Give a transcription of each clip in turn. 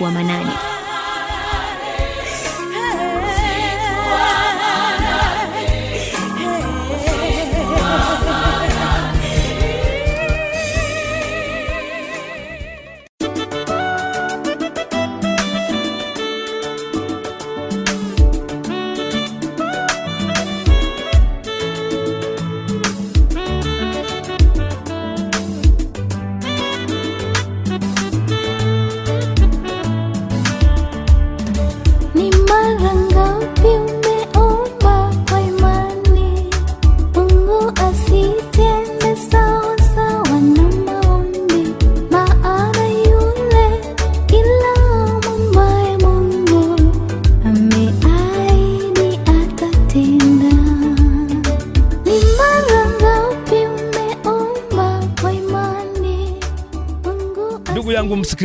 uaminifu wa Manane.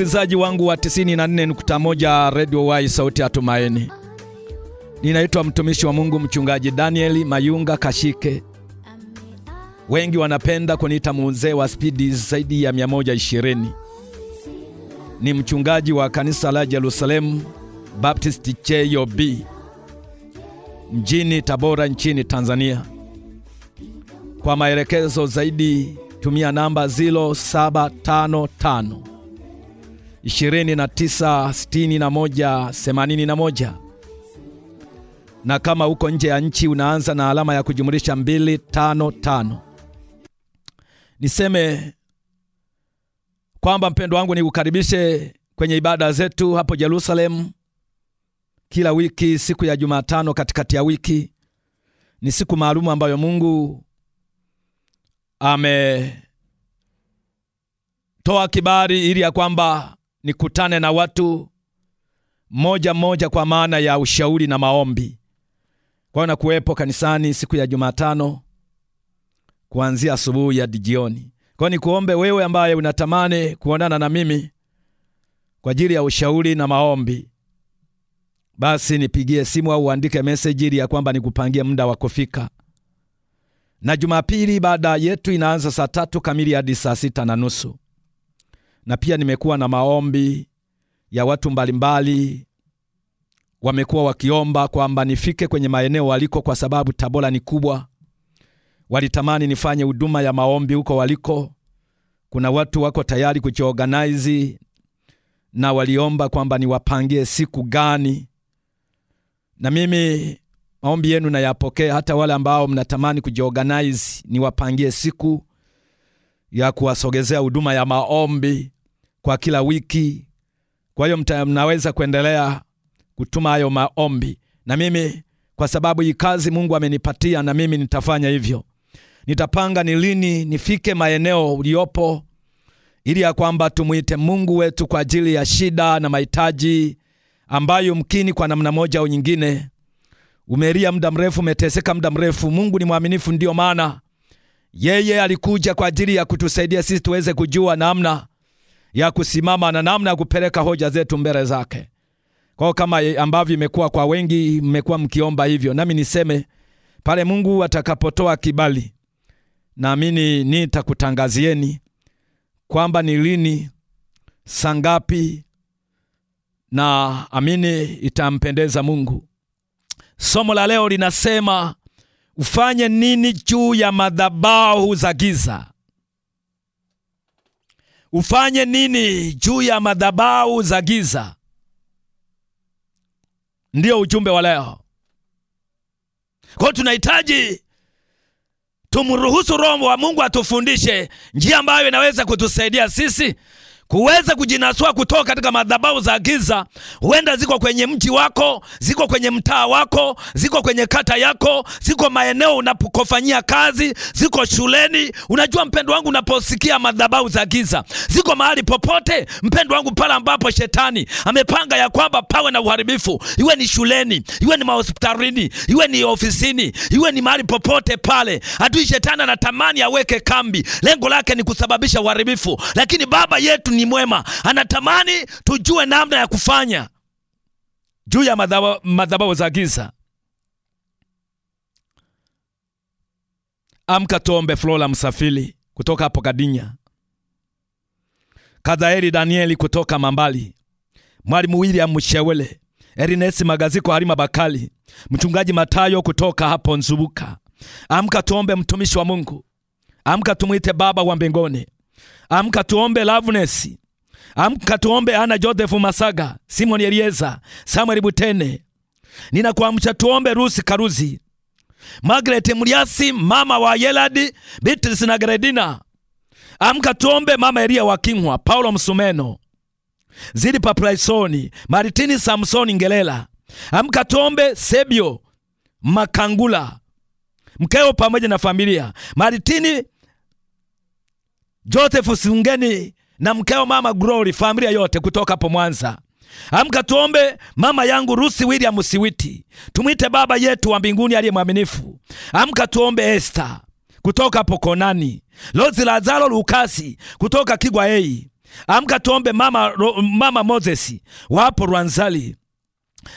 msikilizaji wangu wa 94.1 Radio Y sauti ya Tumaini. Ninaitwa mtumishi wa Mungu mchungaji Danieli Mayunga Kashike. Wengi wanapenda kuniita mzee wa spidi zaidi ya 120. Ni mchungaji wa kanisa la Jerusalemu Baptist Cheyo mjini Tabora nchini Tanzania. Kwa maelekezo zaidi tumia namba 0755 2961 Na kama uko nje ya nchi unaanza na alama ya kujumlisha 255. Niseme kwamba mpendo wangu, nikukaribishe kwenye ibada zetu hapo jerusalemu kila wiki siku ya Jumatano katikati ya wiki. Ni siku maalumu ambayo Mungu ametoa kibari ili ya kwamba nikutane na watu moja moja kwa maana ya ushauri na maombi. Kwa hiyo nakuwepo kanisani siku ya Jumatano kuanzia asubuhi hadi jioni. Kwa hiyo nikuombe wewe ambaye unatamani kuonana na mimi kwa ajili ya ushauri na maombi, basi nipigie simu au uandike message ili ya kwamba nikupangie muda wa kufika. Na Jumapili baada yetu inaanza saa tatu kamili hadi saa sita na nusu na pia nimekuwa na maombi ya watu mbalimbali, wamekuwa wakiomba kwamba nifike kwenye maeneo waliko, kwa sababu Tabora ni kubwa. Walitamani nifanye huduma ya maombi huko waliko. Kuna watu wako tayari kujiorganize na waliomba kwamba niwapangie siku gani, na mimi maombi yenu nayapokea. Hata wale ambao mnatamani kujiorganize, niwapangie siku ya kuwasogezea huduma ya maombi kwa kila wiki. Kwa hiyo mnaweza kuendelea kutuma hayo maombi, na mimi kwa sababu hii kazi Mungu amenipatia, na mimi nitafanya hivyo. Nitapanga ni lini nifike maeneo uliopo, ili ya kwamba tumuite Mungu wetu kwa ajili ya shida na mahitaji ambayo mkini kwa namna moja au nyingine umelia muda mrefu, umeteseka muda mrefu. Mungu ni mwaminifu, ndiyo maana yeye alikuja kwa ajili ya kutusaidia sisi tuweze kujua namna na ya kusimama na namna ya kupeleka hoja zetu mbele zake. Kwa kama ambavyo imekuwa kwa wengi, mmekuwa mkiomba hivyo, nami niseme pale Mungu atakapotoa kibali, naamini nitakutangazieni kwamba ni lini, saa ngapi, na amini itampendeza Mungu. Somo la leo linasema ufanye nini juu ya madhabahu za giza ufanye nini juu ya madhabahu za giza? Ndiyo ujumbe wa leo. Kwa hiyo tunahitaji tumruhusu Roho wa Mungu atufundishe njia ambayo inaweza kutusaidia sisi kuweza kujinasua kutoka katika madhabahu za giza. Huenda ziko kwenye mji wako, ziko kwenye mtaa wako, ziko kwenye kata yako, ziko maeneo unapokofanyia kazi, ziko shuleni. Unajua mpendo wangu, unaposikia madhabahu za giza, ziko mahali popote mpendo wangu, pale ambapo shetani amepanga ya kwamba pawe na uharibifu, iwe ni shuleni, iwe ni mahospitalini, iwe ni ofisini, iwe ni mahali popote pale, adui shetani anatamani aweke kambi, lengo lake ni kusababisha uharibifu, lakini baba yetu ni mwema, anatamani tujue namna ya kufanya juu ya madhabahu za giza. Amka tuombe. Flora Msafiri kutoka hapo Kadinya, Kadhaeri Danieli kutoka Mambali, Mwalimu William Mshewele, Erinesi Magaziko, Harima Bakali, Mchungaji Matayo kutoka hapo Nzubuka. Amka tuombe, mtumishi wa Mungu. Amka tumwite Baba wa mbinguni. Amka tuombe Loveness. Amka tuombe Ana Joseph Masaga, Simon Elieza, Samuel Butene. Ninakuamsha tuombe Rusi Karuzi. Margaret Mliasi, mama wa Yeladi, Beatrice na Gredina. Amka tuombe mama Elia wa kinghwa Paulo Msumeno. Zilipa Praisoni, Maritini Samsoni Ngelela. Amka tuombe Sebio Makangula. Mkeo pamoja na familia. Maritini Joseph Sungeni na mkeo mama Glory, familia yote kutoka hapo Mwanza. Amka tuombe mama yangu Rusi William Siwiti. Tumwite baba yetu wa mbinguni aliye mwaminifu. Amka tuombe Esther kutoka hapo Konani. Lozi Lazaro Lukasi kutoka Kigwa Ei. Amka tuombe mama, mama Moses wapo Rwanzali.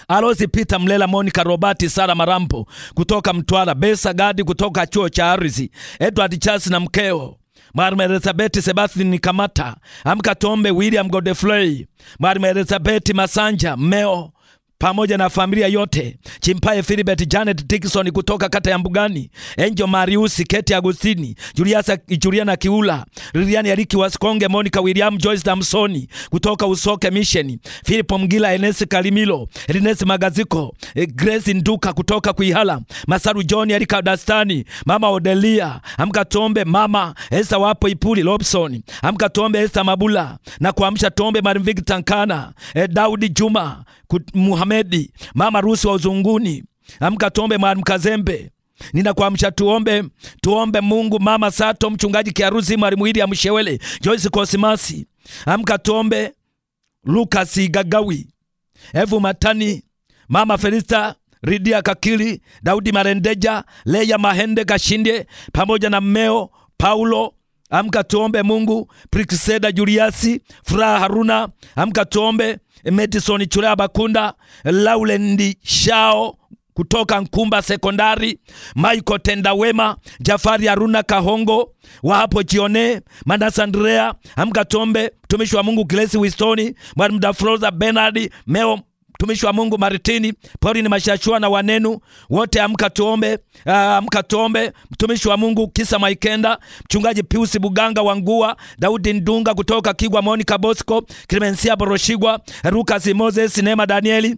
Alozi pita Mlela, Monica Robati, Sara Marambo kutoka Mtwara, Besa Gadi kutoka chuo cha Arizi, Edward Chas na mkeo Mwalimu Elizabeth Sebastian Kamata, Amka Tombe William Godfrey, Mwalimu Elizabeth Masanja meo pamoja na familia yote, Chimpae Philibert Janet Dickson kutoka kata ya Mbugani, Enjo Marius Keti Agustini, Juliasa, Juliana Kiula, Lilian Aliki Wasikonge, Monica William, Joyce Damsoni kutoka Usoke Mission, Philip Mgila, Enes Kalimilo, Ernest Magaziko, eh, Grace Nduka kutoka Kuihala, Masaru John, Erika Dastani, Mama Odelia, amka tombe Mama Esa wapo Ipuli Robson, amka tombe Esa Mabula na kuamsha Tombe Marvin Tankana, eh, Daudi Juma Muhamedi, mama rusi wa uzunguni. Amka tuombe, Kazembe. Ninakuamsha tuombe, tuombe Mungu. Mama Sato, mchungaji Kiarusi, mwalimu Hili Amshewele, Joyce Kosimasi, amka tuombe. Lukasi Gagawi, Evu Matani, mama Felista Ridia Kakili, Daudi Marendeja, Leya Mahende Kashinde pamoja na mmeo Paulo, amka tuombe Mungu. Prikiseda Juliasi, Furaha Haruna, amka tuombe medisoni Chulea Bakunda, Laulendi Shao kutoka Nkumba Sekondari, Michael Tendawema, Jafari aruna Kahongo wa hapo Jione, Mandas Andrea Amkatombe, mtumishi wa Mungu Glesi Wistoni, Mwalimu Dafroza Bernard Meo mtumishi wa Mungu Martini Pauli ni Mashashua na wanenu wote, amka tuombe. Ah, amka tuombe. Mtumishi wa Mungu Kisa Maikenda, mchungaji Pius Buganga wa Ngua, Daudi Ndunga kutoka Kigwa, Monica Bosco, Clemencia Boroshigwa, Lucas Moses, Neema Danieli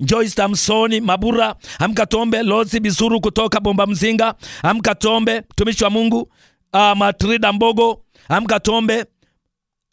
Joyce Tamsoni Mabura, amka tuombe. Lozi Bisuru kutoka Bomba Mzinga, amka tuombe. Mtumishi wa Mungu uh, Matrida Mbogo, amka tuombe.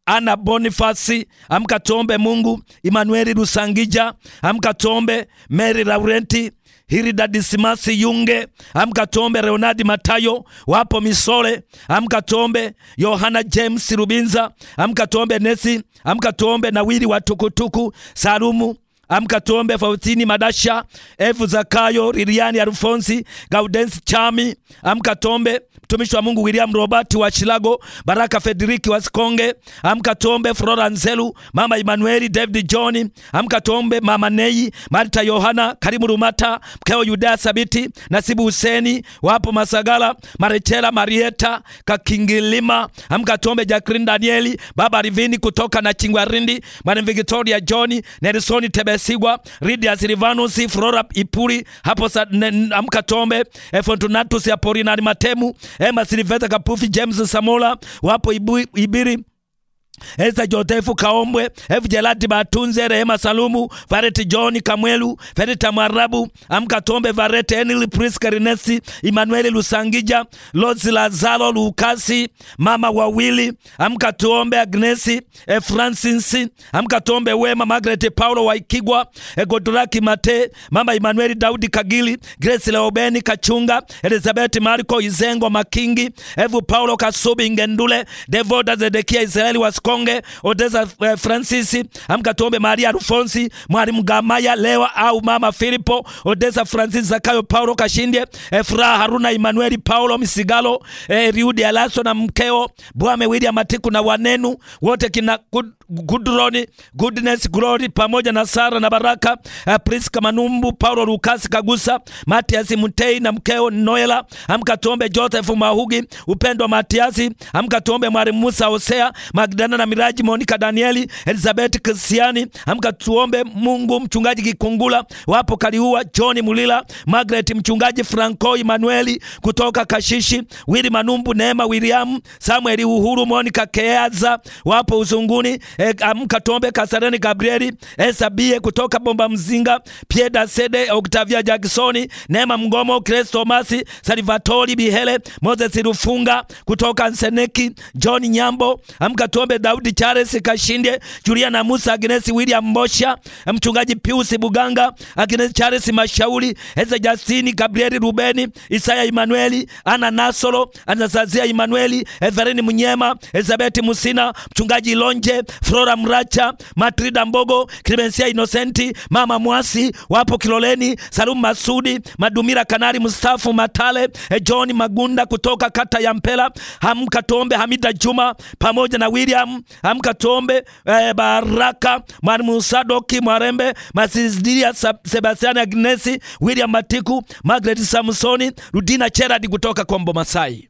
Ana Bonifasi, amka tuombe Mungu. Emmanuel Rusangija, amka tuombe. Mary Laurenti, Hilda Dismasi Yunge, amka tuombe. Leonard Matayo, wapo Misole, amka tuombe. Yohana James Rubinza, amka tuombe. Nesi, amka tuombe. Nawili Watukutuku, Salumu Amka tuombe. Fautini Madasha, Efu Zakayo, Liliani Alfonsi, Gaudensi Chami. Amka tuombe. Mtumishi wa Mungu William Robert wa Shilago, Baraka Federiki wa Sikonge, amka tuombe. Florence Zelu, Mama Emmanuel, David John, amka tuombe. Mama Nei, Marta Yohana, Karimu Rumata, mkeo Yuda Sabiti, Nasibu Huseni, wapo Masagala, Marichela Marieta, Kakingilima, amka tuombe. Jacqueline Danieli, Baba Rivini kutoka na Chingwarindi, Mwana Victoria John, Nelson Tebe Sigwa, Ridia Silvanus, Flora Ipuri, hapo Amkatombe, Fortunatus Apolina Matemu, Emma Silveta Kapufi, James Samola, wapo Ibiri Esa Jotefu Kaombwe, F Jelati Batunze, Rehema Salumu, Vareti John Kamwelu, Verita Mwarabu, Amka Tombe, Vareti Enili Priska Rinesi, Emmanuel Lusangija, Lozi Lazaro Lukasi, mama wawili, Amka Tuombe Agnesi, E Francis, Amka Tombe Wema Margaret Paulo Waikigwa, E Godraki Mate, Mama Emmanuel Daudi Kagili, Grace Leobeni Kachunga, Elizabeth Marco Izengo Makingi, Evu Paulo Kasubi Ngendule, Devoda Zedekia Israeli Wasko Mkonge, Odesa eh, Francis, amka tuombe Maria Alfonsi, Mwalimu Gamaya Lewa au Mama Filipo, Odessa Francis, Zakayo Paulo kashindie Efra eh, Haruna Emanueli Paulo Misigalo, eh, Riudi Alaso na mkeo, Bwame William Matiku na wanenu wote kina Gudroni, Goodness, Glory pamoja na Sara na Baraka, uh, Priska Manumbu, Paulo Lukasi Kagusa, Matias Mutei na mkeo Noela, amka tuombe Joseph Mahugi, Upendo Matias, amka tuombe Mwalimu Musa Hosea, Magdana na Miraji, Monica Danieli, Elizabeth Kristiani, amka tuombe Mungu mchungaji Kikungula, wapo Kaliua, John Mulila, Margaret mchungaji Franco Emanueli kutoka Kashishi, Wili Manumbu, Neema William, Samuel Uhuru, Monica Keaza, wapo Uzunguni e, eh, mkatombe Kasarani Gabrieli, Esabie eh, kutoka Bomba Mzinga, Pieda Sede, Octavia Jacksoni, Neema Mgomo, Chris Thomas Salvatori Bihele, Moses Rufunga kutoka Nseneki, John Nyambo, mkatombe Daudi Charles Kashinde, Juliana Musa, Agnes William Mbosha, mchungaji Pius Buganga, Agnes Charles Mashauri, Eze Justini, Gabrieli Rubeni, Isaya Emanueli, Ana Nasoro, Anasazia Emanueli, Evereni Mnyema, Elizabeth Musina, mchungaji Lonje, Flora Mracha, Matrida Mbogo, Clemensia Inosenti, Mama Mwasi, wapo Kiloleni, Salum Masudi, Madumira Kanari Mustafa Matale, e John Magunda kutoka kata ya Mpela, Hamka Tombe, Hamida Juma pamoja na William, Hamka Tombe, e, Baraka, Mwalimu Sadoki Mwarembe, Masizidia Sebastian Agnesi, William Matiku, Margaret Samsoni, Rudina Cheradi kutoka kwa Mboma Masai.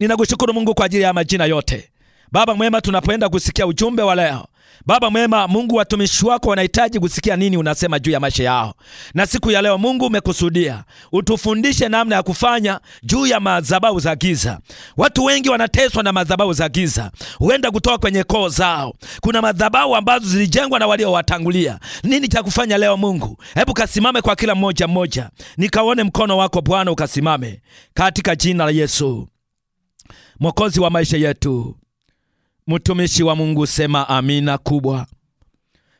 Ninakushukuru Mungu kwa ajili ya majina yote. Baba mwema, tunapoenda kusikia ujumbe wa leo Baba mwema, Mungu, watumishi wako wanahitaji kusikia nini unasema juu ya maisha yao, na siku ya leo Mungu umekusudia utufundishe namna ya kufanya juu ya madhabahu za giza. Watu wengi wanateswa na madhabahu za giza, huenda kutoka kwenye koo zao. Kuna madhabahu ambazo zilijengwa na waliowatangulia. Nini cha kufanya leo Mungu? Hebu kasimame kwa kila mmoja mmoja, nikaone mkono wako Bwana, ukasimame katika jina la Yesu, mwokozi wa maisha yetu. Mtumishi wa Mungu, sema amina kubwa.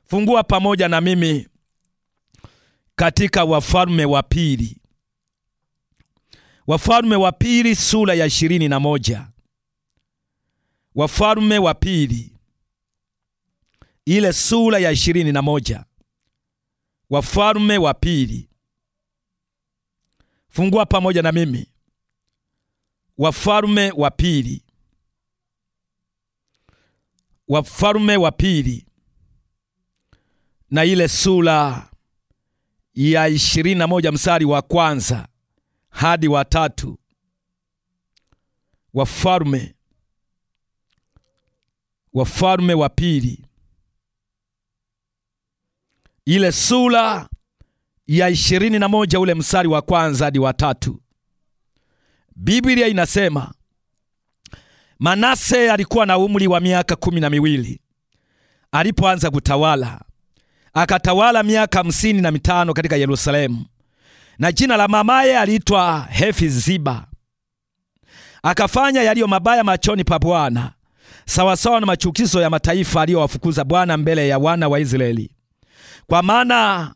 Fungua pamoja na mimi katika Wafalme wa Pili, Wafalme wa Pili sura ya ishirini na moja. Wafalme wa Pili ile sura ya ishirini na moja. Wafalme wa Pili, fungua pamoja na mimi Wafalme wa Pili Wafalme wa pili na ile sura ya ishirini na moja msari wa kwanza hadi wa tatu. Wafalme Wafalme wa pili ile sura ya ishirini na moja ule msari wa kwanza hadi wa tatu. Biblia inasema Manase alikuwa na umri wa miaka kumi na miwili alipoanza kutawala, akatawala miaka hamsini na mitano katika Yerusalemu, na jina la mamaye aliitwa Hefiziba. Akafanya yaliyo mabaya machoni pa Bwana, sawasawa na machukizo ya mataifa aliyowafukuza Bwana mbele ya wana wa Israeli, kwa maana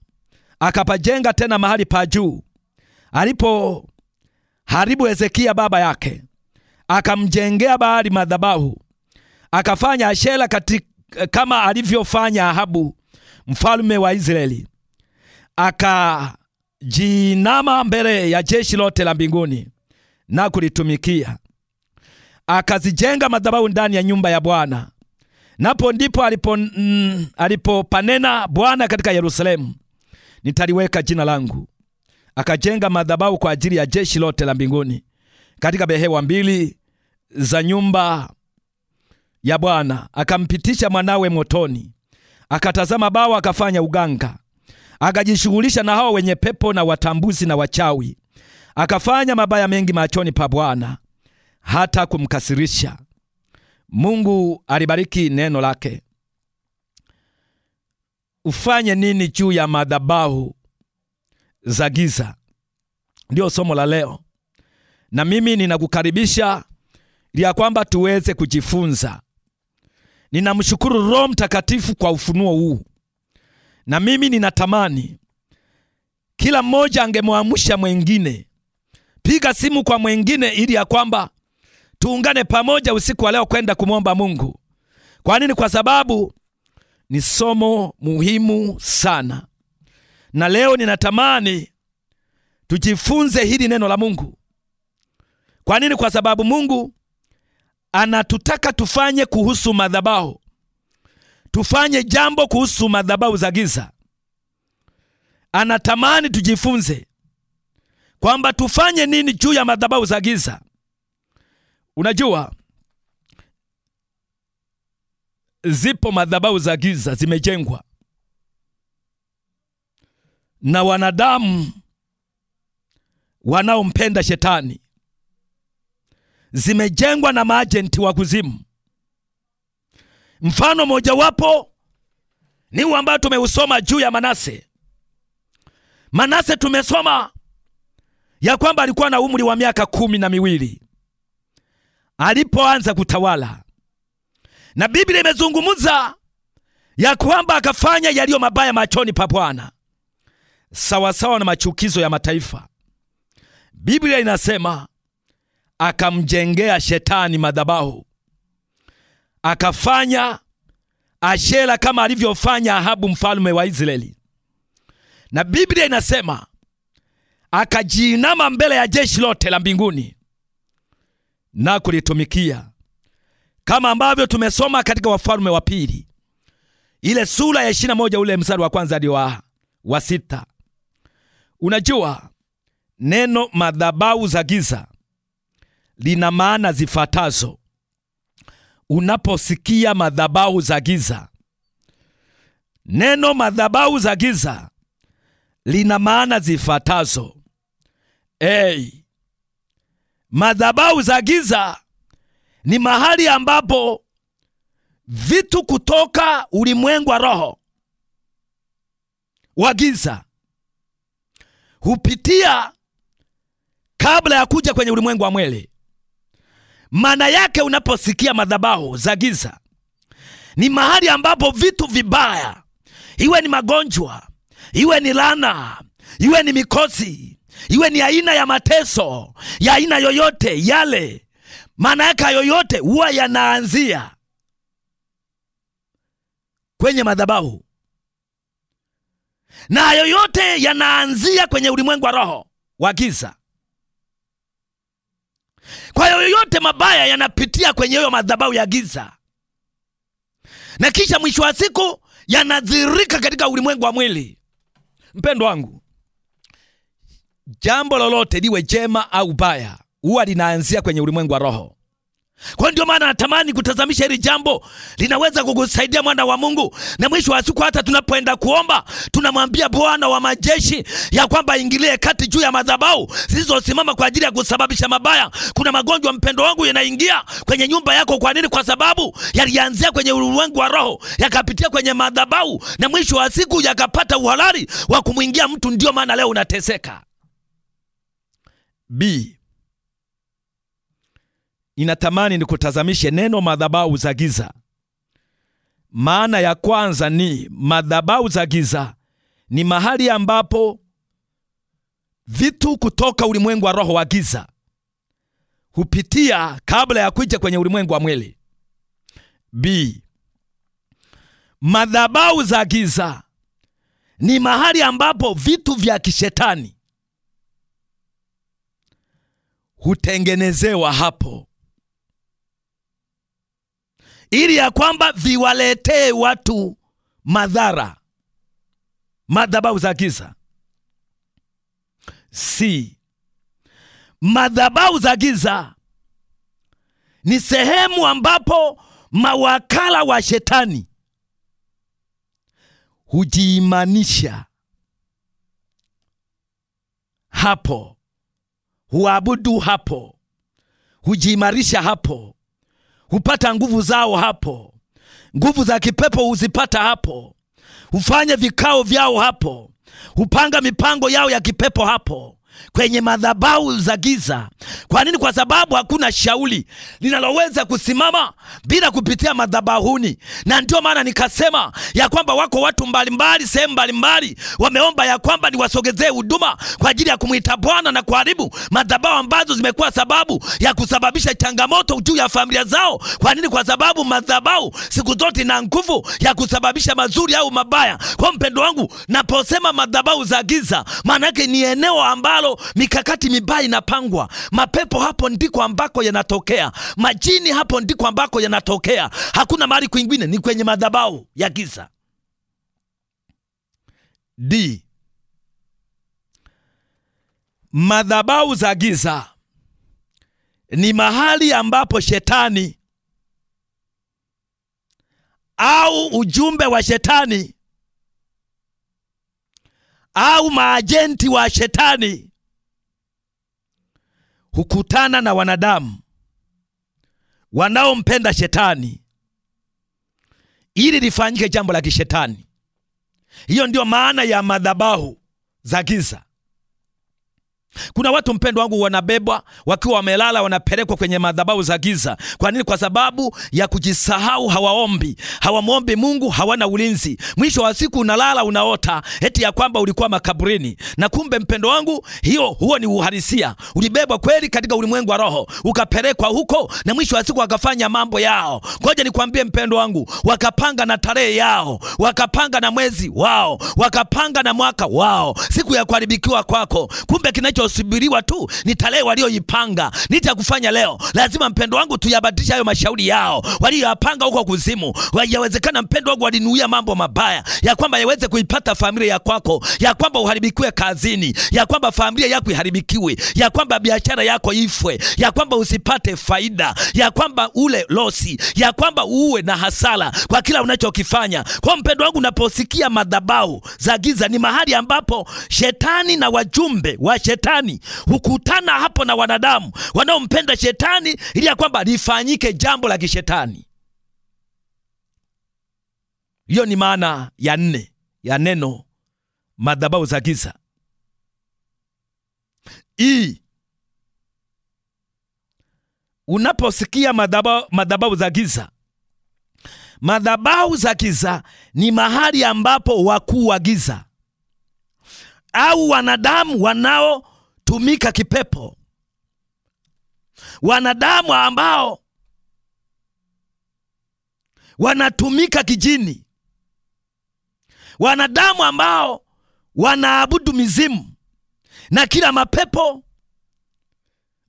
akapajenga tena mahali pa juu alipo haribu Hezekia baba yake akamjengea Baali madhabahu, akafanya Ashera katika, kama alivyofanya Ahabu mfalme wa Israeli, akajinama mbele ya jeshi lote la mbinguni na kulitumikia. Akazijenga madhabahu ndani ya nyumba ya Bwana. Napo ndipo alipo, mm, panena Bwana katika Yerusalemu, nitaliweka jina langu. Akajenga madhabahu kwa ajili ya jeshi lote la mbinguni katika behewa mbili za nyumba ya Bwana, akampitisha mwanawe motoni, akatazama bawa, akafanya uganga, akajishughulisha na hao wenye pepo na watambuzi na wachawi, akafanya mabaya mengi machoni pa Bwana hata kumkasirisha. Mungu alibariki neno lake. Ufanye nini juu ya madhabahu za giza? Ndio somo la leo, na mimi ninakukaribisha ya kwamba tuweze kujifunza. Ninamshukuru Roho Mtakatifu kwa ufunuo huu, na mimi ninatamani kila mmoja angemwamsha mwengine. Piga simu kwa mwengine, ili ya kwamba tuungane pamoja usiku wa leo kwenda kumwomba Mungu. Kwa nini? Kwa sababu ni somo muhimu sana, na leo ninatamani tujifunze hili neno la Mungu. Kwa nini? Kwa sababu Mungu anatutaka tufanye kuhusu madhabahu, tufanye jambo kuhusu madhabahu za giza. Anatamani tujifunze kwamba tufanye nini juu ya madhabahu za giza. Unajua, zipo madhabahu za giza zimejengwa na wanadamu wanaompenda shetani zimejengwa na maajenti wa kuzimu. Mfano mojawapo ni huu ambao tumeusoma juu ya Manase. Manase tumesoma ya kwamba alikuwa na umri wa miaka kumi na miwili alipoanza kutawala, na Biblia imezungumza ya kwamba akafanya yaliyo mabaya machoni pa Bwana sawasawa na machukizo ya mataifa. Biblia inasema akamjengea shetani madhabahu, akafanya Ashera kama alivyofanya Ahabu mfalme wa Israeli. Na Biblia inasema akajiinama mbele ya jeshi lote la mbinguni na kulitumikia, kama ambavyo tumesoma katika Wafalme wa Pili ile sura ya ishirini na moja ule mstari wa kwanza hadi wa, wa sita. Unajua neno madhabahu za giza lina maana zifatazo Unaposikia madhabahu za giza, neno madhabahu za giza lina maana zifatazo Hey, madhabahu za giza ni mahali ambapo vitu kutoka ulimwengu wa roho wa giza hupitia kabla ya kuja kwenye ulimwengu wa mwili. Maana yake unaposikia madhabahu za giza, ni mahali ambapo vitu vibaya, iwe ni magonjwa, iwe ni laana, iwe ni mikosi, iwe ni aina ya mateso ya aina yoyote yale, maana yake yoyote huwa yanaanzia kwenye madhabahu na yoyote yanaanzia kwenye ulimwengu wa roho wa giza. Kwa hiyo yote mabaya yanapitia kwenye hiyo madhabahu ya giza, na kisha mwisho wa siku yanadhirika katika ulimwengu wa mwili. Mpendo wangu, jambo lolote liwe jema au baya, huwa linaanzia kwenye ulimwengu wa roho. Kwa ndio maana natamani kutazamisha hili jambo, linaweza kukusaidia mwana wa Mungu. Na mwisho wa siku, hata tunapoenda kuomba, tunamwambia Bwana wa majeshi ya kwamba aingilie kati juu ya madhabahu zilizosimama kwa ajili ya kusababisha mabaya. Kuna magonjwa, mpendo wangu, yanaingia kwenye nyumba yako. Kwa nini? Kwa sababu yalianzia kwenye ulimwengu wa roho, yakapitia kwenye madhabahu, na mwisho wa siku yakapata uhalali wa kumwingia mtu. Ndio maana leo unateseka B ninatamani nikutazamishe neno madhabahu za giza. Maana ya kwanza ni madhabahu za giza ni mahali ambapo vitu kutoka ulimwengu wa roho wa giza hupitia kabla ya kuja kwenye ulimwengu wa mwili. B. Madhabahu za giza ni mahali ambapo vitu vya kishetani hutengenezewa hapo ili ya kwamba viwaletee watu madhara. Madhabahu za giza si madhabahu za giza ni sehemu ambapo mawakala wa shetani hujiimanisha hapo, huabudu hapo, hujiimarisha hapo hupata nguvu zao hapo, nguvu za kipepo huzipata hapo, hufanya vikao vyao hapo, hupanga mipango yao ya kipepo hapo kwenye madhabahu za giza. Kwa nini? Kwa sababu hakuna shauli linaloweza kusimama bila kupitia madhabahuni, na ndio maana nikasema ya kwamba wako watu mbalimbali sehemu mbalimbali wameomba ya kwamba niwasogezee huduma kwa ajili ya kumwita Bwana na kuharibu madhabahu ambazo zimekuwa sababu ya kusababisha changamoto juu ya familia zao. Kwa nini? Kwa sababu madhabahu siku zote na nguvu ya kusababisha mazuri au mabaya. Kwa mpendo wangu, naposema madhabahu za giza, maana yake ni eneo ambalo ambalo mikakati mibaya inapangwa. Mapepo hapo ndiko ambako yanatokea, majini hapo ndiko ambako yanatokea. Hakuna mahali kwingine, ni kwenye madhabahu ya giza. D. Madhabahu za giza ni mahali ambapo shetani au ujumbe wa shetani au maajenti wa shetani hukutana na wanadamu wanaompenda shetani ili lifanyike jambo la kishetani. Hiyo ndiyo maana ya madhabahu za giza. Kuna watu mpendo wangu wanabebwa wakiwa wamelala, wanapelekwa kwenye madhabahu za giza. Kwa nini? Kwa sababu ya kujisahau, hawaombi, hawamwombi Mungu, hawana ulinzi. Mwisho wa siku unalala unaota eti ya kwamba ulikuwa makaburini, na kumbe mpendo wangu, hiyo huo ni uhalisia. Ulibebwa kweli katika ulimwengu wa roho, ukapelekwa huko, na mwisho wa siku wakafanya mambo yao. Ngoja nikwambie mpendo wangu, wakapanga na tarehe yao, wakapanga na mwezi wao, wakapanga na mwaka wao, siku ya kuharibikiwa kwako, kumbe kinacho nitosubiriwa tu, ni tarehe walioipanga, Nita kufanya leo. Lazima mpendo wangu tuyabadilisha hayo mashauri yao walioyapanga huko kuzimu. Yawezekana mpendo wangu walinuia mambo mabaya, ya kwamba yaweze kuipata familia ya kwako, ya kwamba uharibikiwe kazini, ya kwamba familia yako iharibikiwe, ya kwamba biashara yako ifwe, ya kwamba usipate faida, ya kwamba ule losi, ya kwamba uwe na hasara kwa kila unachokifanya. Kwa mpendo wangu, unaposikia madhabahu za giza, ni mahali ambapo shetani na wajumbe wa shetani shetani hukutana hapo na wanadamu wanaompenda shetani ili ya kwamba lifanyike jambo la kishetani. Hiyo ni maana ya nne ya neno madhabahu za giza. Hii unaposikia madhabahu za giza, madhabahu za giza ni mahali ambapo wakuu wa giza au wanadamu wanao wanatumika kipepo, wanadamu ambao wanatumika kijini, wanadamu ambao wanaabudu mizimu na kila mapepo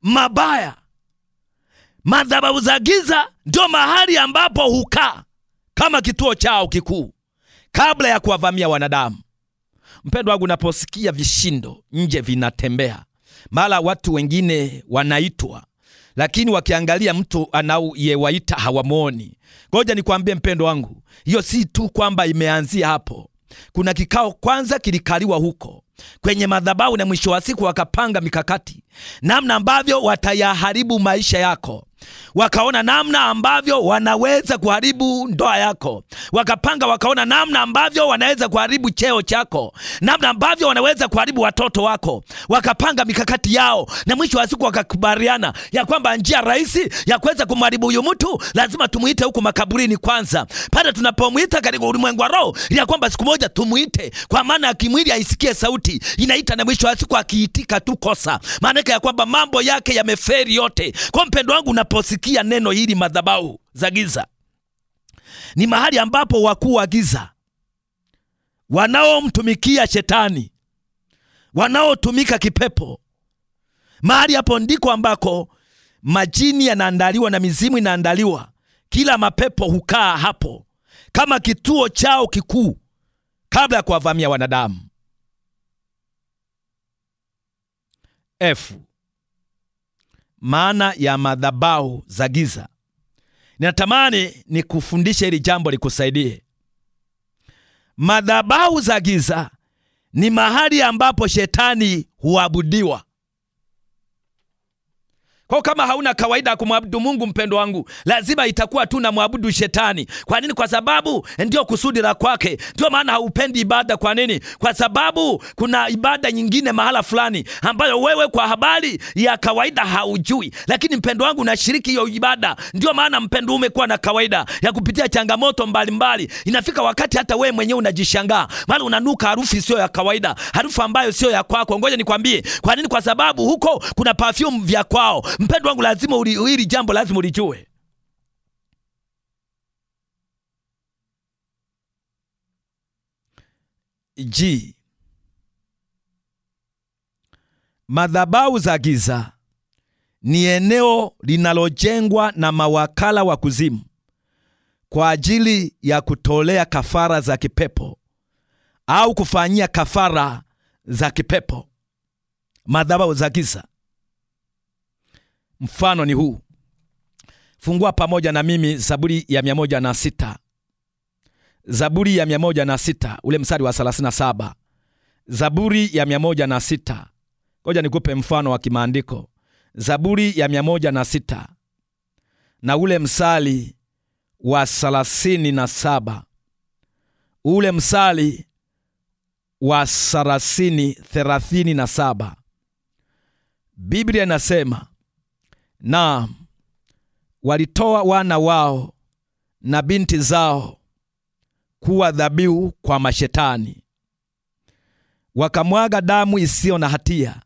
mabaya. Madhabahu za giza ndio mahali ambapo hukaa kama kituo chao kikuu kabla ya kuwavamia wanadamu. Mpendo wangu, unaposikia vishindo nje vinatembea, mara watu wengine wanaitwa lakini wakiangalia mtu anayewaita hawamwoni. Ngoja nikwambie mpendo wangu, hiyo si tu kwamba imeanzia hapo. Kuna kikao kwanza kilikaliwa huko kwenye madhabahu, na mwisho wa siku wakapanga mikakati namna ambavyo watayaharibu maisha yako wakaona namna ambavyo wanaweza kuharibu ndoa yako, wakapanga, wakaona namna ambavyo wanaweza kuharibu cheo chako, namna ambavyo wanaweza kuharibu watoto wako, wakapanga mikakati yao, na mwisho wa siku wakakubaliana ya kwamba njia rahisi ya kuweza kumharibu huyu mtu lazima tumuite huku makaburini kwanza, pale tunapomuita katika ulimwengu wa roho, ya kwamba siku moja tumuite, kwa maana akimwili aisikie sauti inaita, na mwisho wa siku akiitika tu kosa, maana ya kwamba mambo yake yameferi yote. Kwa mpendo wangu na unaposikia neno hili, madhabahu za giza ni mahali ambapo wakuu wa giza wanaomtumikia shetani, wanaotumika kipepo, mahali hapo ndiko ambako majini yanaandaliwa na mizimu inaandaliwa. Kila mapepo hukaa hapo kama kituo chao kikuu kabla ya kuwavamia wanadamu. F maana ya madhabahu za giza. Ninatamani nikufundishe hili jambo likusaidie. Madhabahu za giza ni mahali ambapo shetani huabudiwa. Kwa kama hauna kawaida ya kumwabudu Mungu, mpendo wangu, lazima itakuwa tu namwabudu shetani. Kwa nini? Kwa sababu ndio kusudi la kwake, ndio maana haupendi ibada. Kwa nini? Kwa sababu kuna ibada nyingine mahala fulani ambayo wewe kwa habari ya kawaida haujui, lakini mpendo wangu unashiriki hiyo ibada. Ndio maana mpendo, umekuwa na kawaida ya kupitia changamoto mbalimbali mbali. Inafika wakati hata wewe mwenyewe unajishangaa, mara unanuka harufu sio ya kawaida, harufu ambayo sio ya kwako. Ngoja nikwambie kwa nini. Kwa sababu huko kuna perfume vya kwao Mpendo wangu, lazima hili jambo lazima ulijue. G. Madhabahu za giza ni eneo linalojengwa na mawakala wa kuzimu kwa ajili ya kutolea kafara za kipepo au kufanyia kafara za kipepo. Madhabahu za giza Mfano ni huu, fungua pamoja na mimi Zaburi ya mia moja na sita Zaburi ya mia moja na sita ule msari wa saba. Zaburi ya mia moja na sita Ngoja nikupe mfano wa kimaandiko. Zaburi ya mia moja na sita na ule msali wa thelathini na saba ule msali wa thelathini na saba Biblia inasema na walitoa wana wao na binti zao kuwa dhabihu kwa mashetani, wakamwaga damu isiyo na hatia,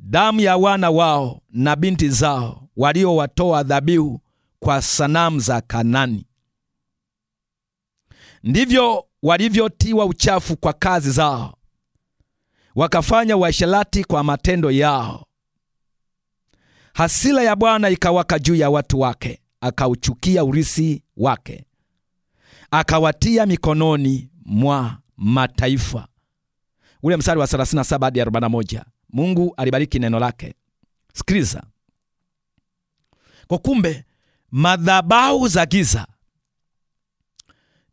damu ya wana wao na binti zao waliowatoa dhabihu kwa sanamu za Kanani. Ndivyo walivyotiwa uchafu kwa kazi zao, wakafanya uasherati kwa matendo yao Hasira ya Bwana ikawaka juu ya watu wake, akauchukia urisi wake, akawatia mikononi mwa mataifa. Ule mstari wa 37 hadi 41. Mungu alibariki neno lake. Sikiliza. Kwa kumbe madhabahu za giza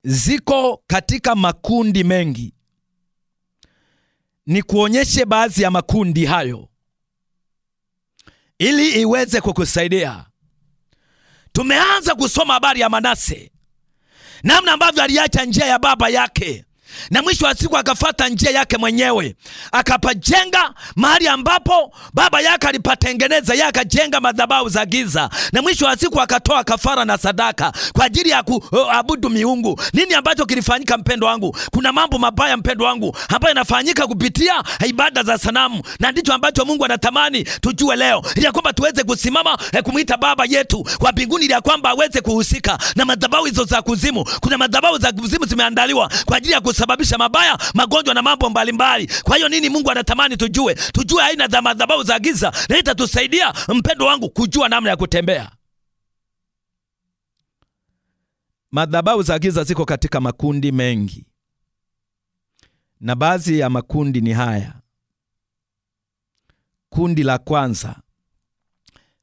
ziko katika makundi mengi. Ni kuonyeshe baadhi ya makundi hayo ili iweze kukusaidia. Tumeanza kusoma habari ya Manase, namna ambavyo aliacha njia ya baba yake na mwisho wa siku akafata njia yake mwenyewe, akapajenga mahali ambapo baba yake alipatengeneza. Yeye akajenga madhabahu za giza, na mwisho wa siku akatoa kafara na sadaka kwa ajili ya kuabudu eh, uh, miungu. Nini ambacho kilifanyika, mpendo wangu? Kuna mambo mabaya, mpendo wangu, ambayo yanafanyika kupitia ibada za sanamu, na ndicho ambacho Mungu anatamani tujue leo, ili kwamba tuweze kusimama eh, kumwita baba yetu wa mbinguni, ili kwamba aweze kuhusika na madhabahu hizo za kuzimu. Kuna madhabahu za kuzimu zimeandaliwa kwa ajili ya kus kusababisha mabaya, magonjwa na mambo mbalimbali. Kwa hiyo nini Mungu anatamani tujue? Tujue aina za madhabahu za giza, na itatusaidia mpendo wangu kujua namna ya kutembea. Madhabahu za giza ziko katika makundi mengi, na baadhi ya makundi ni haya. Kundi la kwanza,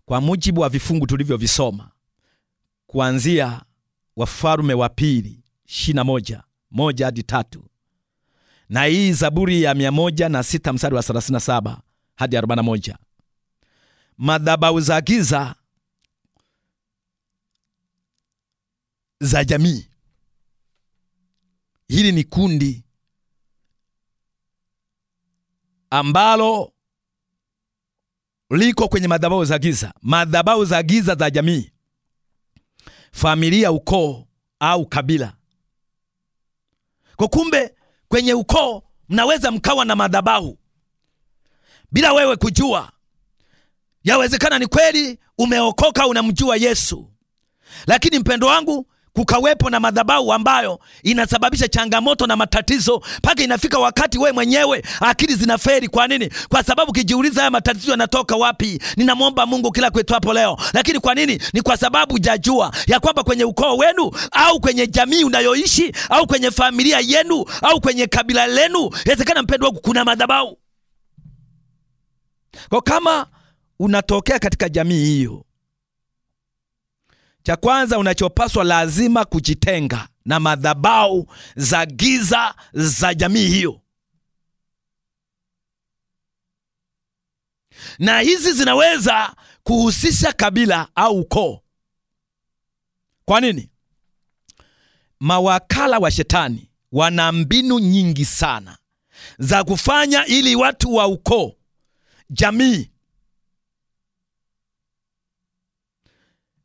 kwa mujibu wa vifungu tulivyovisoma kuanzia Wafalme wa Pili ishirini na moja moja hadi tatu na hii Zaburi ya mia moja na sita mstari wa thelathini na saba hadi arobaini na moja Madhabahu za giza za jamii. Hili ni kundi ambalo liko kwenye madhabahu za giza, madhabahu za giza za jamii, familia, ukoo au kabila kwa kumbe kwenye ukoo mnaweza mkawa na madhabahu bila wewe kujua. Yawezekana ni kweli umeokoka, unamjua Yesu, lakini mpendo wangu kukawepo na madhabahu ambayo inasababisha changamoto na matatizo mpaka inafika wakati we mwenyewe akili zinaferi. Kwa nini? Kwa sababu kijiuliza, haya matatizo yanatoka wapi? Ninamwomba Mungu kila kwetu hapo leo. Lakini kwa nini? Ni kwa sababu jajua ya kwamba kwenye ukoo wenu au kwenye jamii unayoishi au kwenye familia yenu au kwenye kabila lenu, inawezekana mpendo wangu, kuna madhabahu kwa kama unatokea katika jamii hiyo cha kwanza unachopaswa lazima kujitenga na madhabau za giza za jamii hiyo, na hizi zinaweza kuhusisha kabila au ukoo. Kwa nini? Mawakala wa shetani wana mbinu nyingi sana za kufanya ili watu wa ukoo, jamii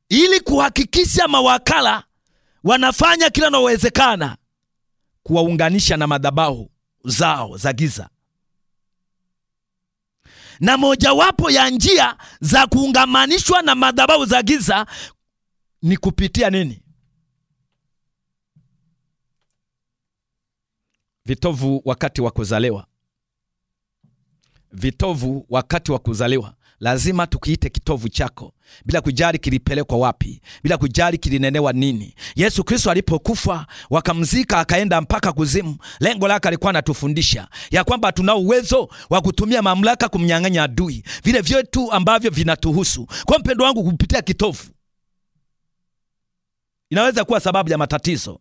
ili kuhakikisha mawakala wanafanya kila nawezekana kuwaunganisha na madhabahu zao za giza, na mojawapo ya njia za kuungamanishwa na madhabahu za giza ni kupitia nini? Vitovu wakati wa kuzaliwa, vitovu wakati wa kuzaliwa lazima tukiite kitovu chako, bila kujali kilipelekwa wapi, bila kujali kilinenewa nini. Yesu Kristo alipokufa wakamzika, akaenda mpaka kuzimu, lengo lake alikuwa anatufundisha ya kwamba tuna uwezo wa kutumia mamlaka kumnyang'anya adui vile vyetu ambavyo vinatuhusu. Kwa mpendo wangu, kupitia kitovu inaweza kuwa sababu ya matatizo.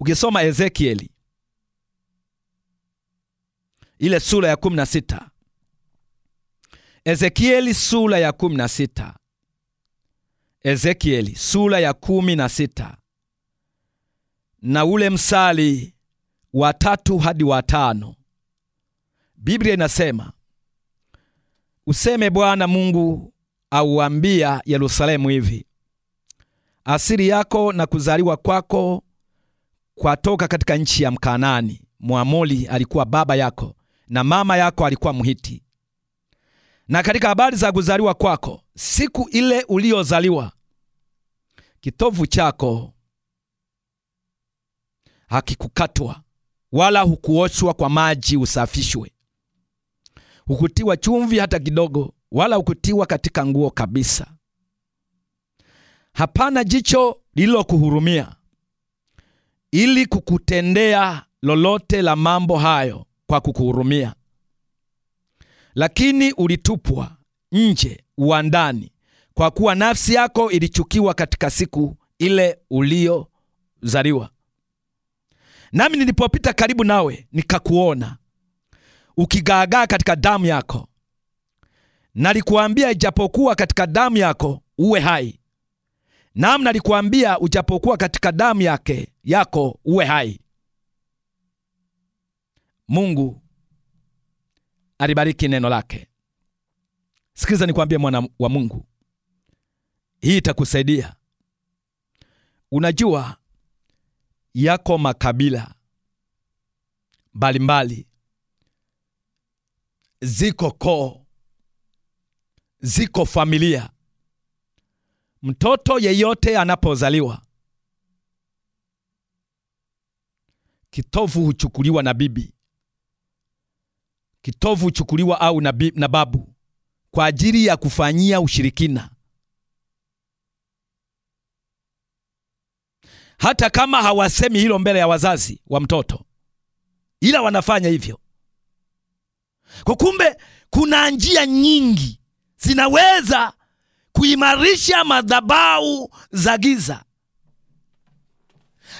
Ukisoma Ezekieli ile sura ya kumi na sita Ezekieli sula ya 16. Ezekieli sula ya sita na ule msali wa tatu hadi wa tano. Biblia inasema useme, Bwana Mungu auambia Yerusalemu hivi, asili yako na kuzaliwa kwako kwatoka katika nchi ya Mkanani. Mwamoli alikuwa baba yako na mama yako alikuwa Mhiti. Na katika habari za kuzaliwa kwako, siku ile uliyozaliwa, kitovu chako hakikukatwa wala hukuoshwa kwa maji usafishwe, hukutiwa chumvi hata kidogo, wala hukutiwa katika nguo kabisa. Hapana jicho lililokuhurumia ili kukutendea lolote la mambo hayo kwa kukuhurumia, lakini ulitupwa nje uwandani, kwa kuwa nafsi yako ilichukiwa katika siku ile uliyozaliwa. Nami nilipopita karibu nawe, nikakuona ukigaagaa katika damu yako, nalikuambia ijapokuwa katika damu yako uwe hai. Naam, nalikuambia ujapokuwa katika damu yake yako uwe hai. Mungu alibariki neno lake. Sikiza nikwambie, mwana wa Mungu, hii itakusaidia. Unajua yako makabila mbalimbali, ziko koo, ziko familia. Mtoto yeyote anapozaliwa kitovu huchukuliwa na bibi Kitovu chukuliwa au na babu kwa ajili ya kufanyia ushirikina, hata kama hawasemi hilo mbele ya wazazi wa mtoto, ila wanafanya hivyo. Kwa kumbe, kuna njia nyingi zinaweza kuimarisha madhabahu za giza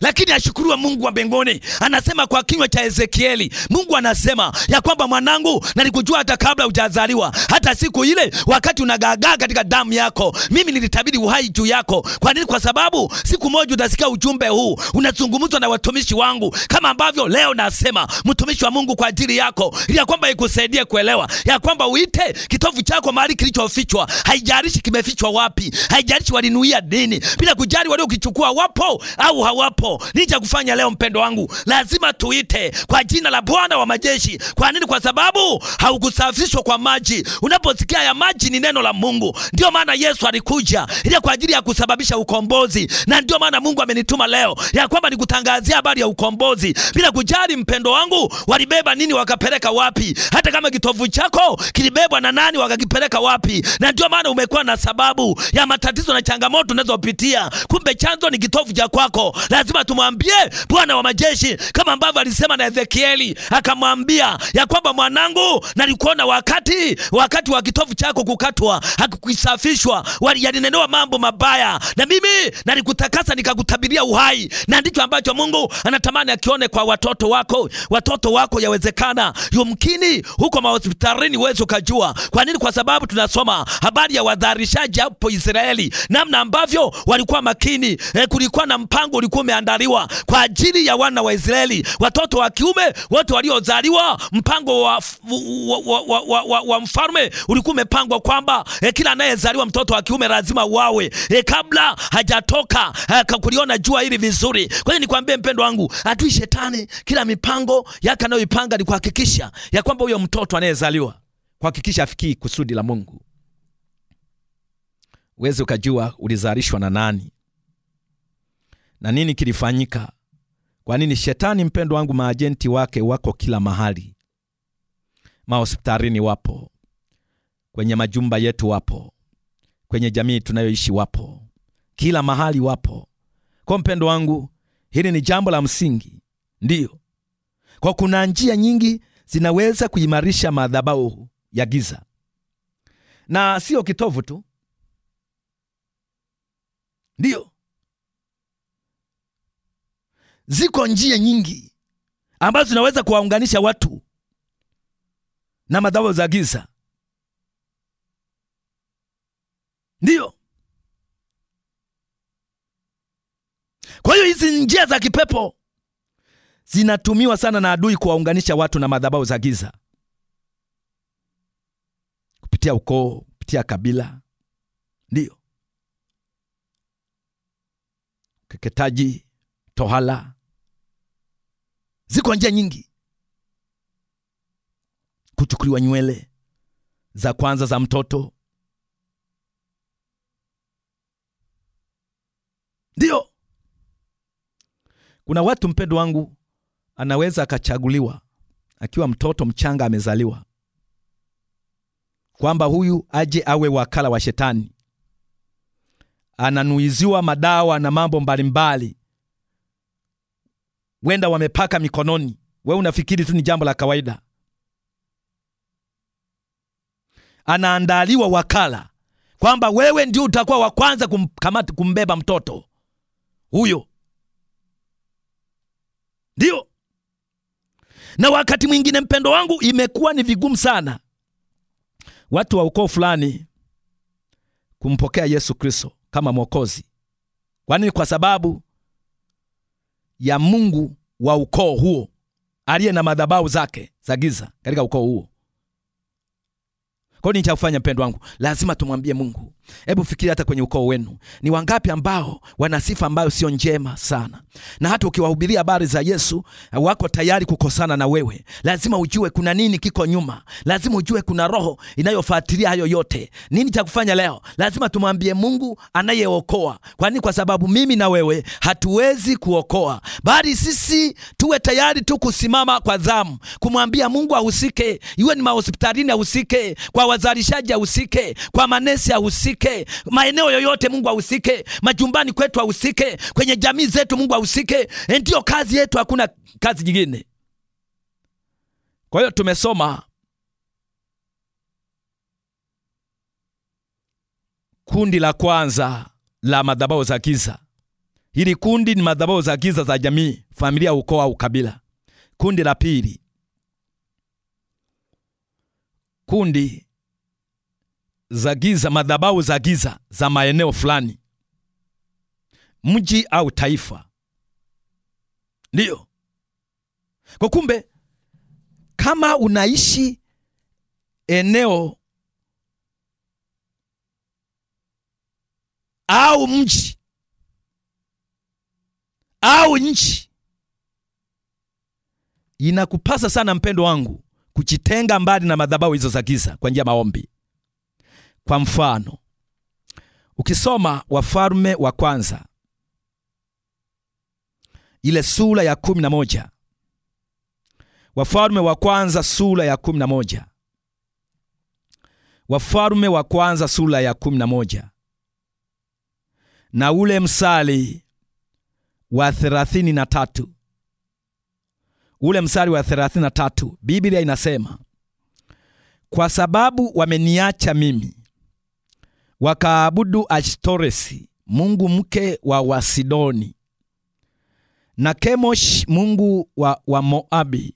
lakini ashukuruwe Mungu wa mbinguni, anasema kwa kinywa cha Ezekieli. Mungu anasema ya kwamba mwanangu, nalikujua hata kabla hujazaliwa, hata siku ile wakati unagaagaa katika damu yako, mimi nilitabiri uhai juu yako. Kwa nini? Kwa sababu siku moja utasikia ujumbe huu unazungumzwa na watumishi wangu, kama ambavyo leo nasema mtumishi wa Mungu kwa ajili yako, ili ya kwamba ikusaidie kuelewa ya kwamba uite kitovu chako mahali kilichofichwa. Haijalishi kimefichwa wapi, haijalishi walinuia dini, bila kujali waliokichukua wapo au hawapo yako nija kufanya leo, mpendo wangu, lazima tuite kwa jina la Bwana wa majeshi. Kwa nini? Kwa sababu haukusafishwa kwa maji. Unaposikia ya maji ni neno la Mungu. Ndio maana Yesu alikuja ili kwa ajili ya kusababisha ukombozi, na ndio maana Mungu amenituma leo ya kwamba nikutangazia habari ya ukombozi, bila kujali mpendo wangu walibeba nini wakapeleka wapi, hata kama kitovu chako kilibebwa na nani wakakipeleka wapi. Na ndio maana umekuwa na sababu ya matatizo na changamoto unazopitia, kumbe chanzo ni kitovu cha kwako. Lazima lazima tumwambie Bwana wa majeshi, kama ambavyo alisema na Ezekieli akamwambia ya kwamba mwanangu, nalikuona wakati wakati wa kitovu chako kukatwa hakukisafishwa, yalinenewa mambo mabaya, na mimi nalikutakasa nikakutabiria uhai, na ndicho ambacho Mungu anatamani akione kwa watoto wako. Watoto wako yawezekana, yumkini huko mahospitalini uweze ukajua. Kwa nini? Kwa sababu tunasoma habari ya wadharishaji hapo Israeli, namna ambavyo walikuwa makini. E, kulikuwa na mpango ulikuwa umeandaliwa kuandaliwa kwa ajili ya wana wa Israeli, watoto wa kiume wote waliozaliwa. Mpango wa, wa, wa, wa, wa, wa, wa mfalme ulikuwa umepangwa kwamba e, kila anayezaliwa mtoto wa kiume lazima wawe e, eh, kabla hajatoka akakuliona eh, kuliona jua hili vizuri. Kwa hiyo nikwambie mpendo wangu, adui shetani kila mipango yake anayoipanga ni kuhakikisha ya kwamba huyo mtoto anayezaliwa kuhakikisha afikii kusudi la Mungu. Uweze ukajua ulizalishwa na nani. Na nini kilifanyika? Kwa nini shetani mpendo wangu, maajenti wake wako kila mahali? Mahospitalini wapo, kwenye majumba yetu wapo, kwenye jamii tunayoishi wapo, kila mahali wapo. Kwa mpendo wangu, hili ni jambo la msingi, ndiyo, kwa kuna njia nyingi zinaweza kuimarisha madhabahu ya giza, na sio kitovu tu, ndiyo Ziko njia nyingi ambazo zinaweza kuwaunganisha watu na madhabahu za giza. Ndiyo, kwa hiyo hizi njia za kipepo zinatumiwa sana na adui kuwaunganisha watu na madhabahu za giza kupitia ukoo, kupitia kabila, ndiyo ukeketaji, tohala Ziko njia nyingi: kuchukuliwa nywele za kwanza za mtoto, ndio Kuna watu, mpendo wangu, anaweza akachaguliwa akiwa mtoto mchanga amezaliwa, kwamba huyu aje awe wakala wa Shetani, ananuiziwa madawa na mambo mbalimbali wenda wamepaka mikononi, we unafikiri tu ni jambo la kawaida. Anaandaliwa wakala kwamba wewe ndio utakuwa wa kwanza kumkamata, kumbeba mtoto huyo, ndio. Na wakati mwingine, mpendo wangu, imekuwa ni vigumu sana watu wa ukoo fulani kumpokea Yesu Kristo kama Mwokozi. Kwa nini? Kwa sababu ya Mungu wa ukoo huo aliye na madhabahu zake za giza katika ukoo huo. Kwa nini cha kufanya, mpendo wangu, lazima tumwambie Mungu Hebu fikiri hata kwenye ukoo wenu, ni wangapi ambao wana sifa ambayo sio njema sana, na hata ukiwahubiria habari za Yesu wako tayari kukosana na wewe. Lazima ujue kuna nini kiko nyuma, lazima ujue kuna roho inayofuatilia hayo yote. Nini cha kufanya leo? Lazima tumwambie Mungu anayeokoa. Kwa nini? Kwa sababu mimi na wewe hatuwezi kuokoa, bali sisi tuwe tayari tu kusimama kwa dhamu, kumwambia Mungu ahusike, iwe ni mahospitalini ahusike, kwa wazalishaji ahusike, kwa manesi ahusike ahusike, maeneo yoyote Mungu ahusike, majumbani kwetu ahusike, kwenye jamii zetu Mungu ahusike. E, Ndiyo kazi yetu, hakuna kazi nyingine. Kwa hiyo tumesoma kundi la kwanza la madhabahu za giza. Hili kundi ni madhabahu za giza za jamii, familia, ukoo au kabila. Kundi la pili, kundi za giza, madhabahu za giza za maeneo fulani, mji au taifa. Ndiyo kwa kumbe, kama unaishi eneo au mji au nchi, inakupasa sana mpendo wangu kujitenga mbali na madhabahu hizo za giza kwa njia maombi. Kwa mfano, ukisoma Wafalme wa Kwanza ile sura ya kumi na moja Wafalme wa Kwanza sura ya kumi na moja Wafalme wa Kwanza sura ya kumi na moja na ule msali wa thelathini na tatu ule msali wa thelathini na tatu Biblia inasema, kwa sababu wameniacha mimi wakaabudu Ashtoresi mungu mke wa Wasidoni na Kemosh mungu wa, wa Moabi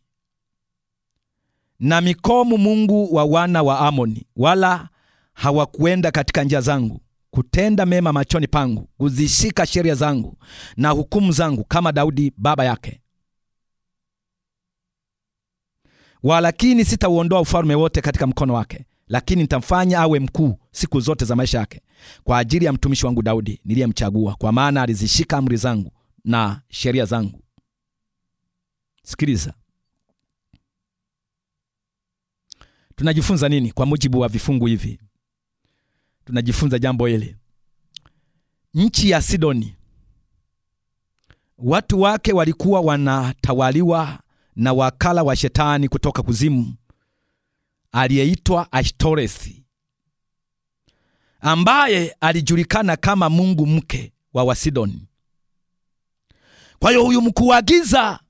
na Mikomu mungu wa wana wa Amoni, wala hawakuenda katika njia zangu kutenda mema machoni pangu, kuzishika sheria zangu na hukumu zangu kama Daudi baba yake. Walakini sitauondoa ufalme wote katika mkono wake, lakini nitamfanya awe mkuu siku zote za maisha yake, kwa ajili ya mtumishi wangu Daudi niliyemchagua, kwa maana alizishika amri zangu na sheria zangu. Sikiliza, tunajifunza nini kwa mujibu wa vifungu hivi? Tunajifunza jambo hili: nchi ya Sidoni, watu wake walikuwa wanatawaliwa na wakala wa shetani kutoka kuzimu aliyeitwa Ashtoresi ambaye alijulikana kama mungu mke wa Wasidoni. Kwa hiyo huyu mkuu wa giza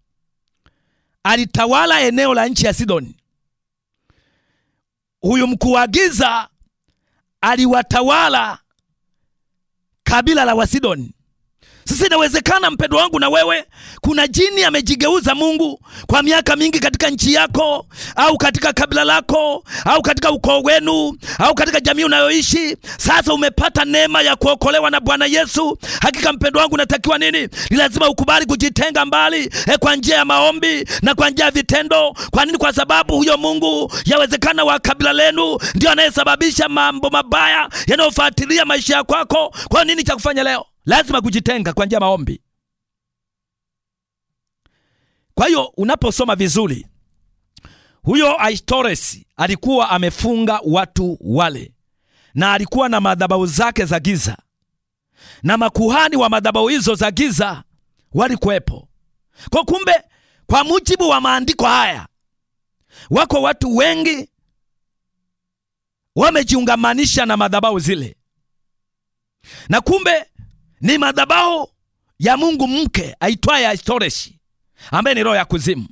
alitawala eneo la nchi ya Sidoni. Huyu mkuu wa giza aliwatawala kabila la Wasidoni sasa inawezekana mpendwa wangu na wewe, kuna jini amejigeuza Mungu kwa miaka mingi katika nchi yako au katika kabila lako au katika ukoo wenu au katika jamii unayoishi. Sasa umepata neema ya kuokolewa na Bwana Yesu. Hakika mpendwa wangu, unatakiwa nini? Ni lazima ukubali kujitenga mbali e, kwa njia ya maombi na kwa njia ya vitendo. Kwa nini? Kwa sababu huyo Mungu yawezekana wa kabila lenu ndio anayesababisha mambo mabaya yanayofuatilia maisha ya kwako. Kwa nini cha kufanya leo lazima kujitenga kwa njia maombi. Kwa hiyo unaposoma vizuri, huyo Aistores alikuwa amefunga watu wale, na alikuwa na madhabahu zake za giza, na makuhani wa madhabahu hizo za giza walikuwepo. Kwa kumbe, kwa mujibu wa maandiko haya, wako watu wengi wamejiungamanisha na madhabahu zile, na kumbe ni madhabahu ya mungu mke aitwaye Astoreshi ambaye ni roho ya kuzimu.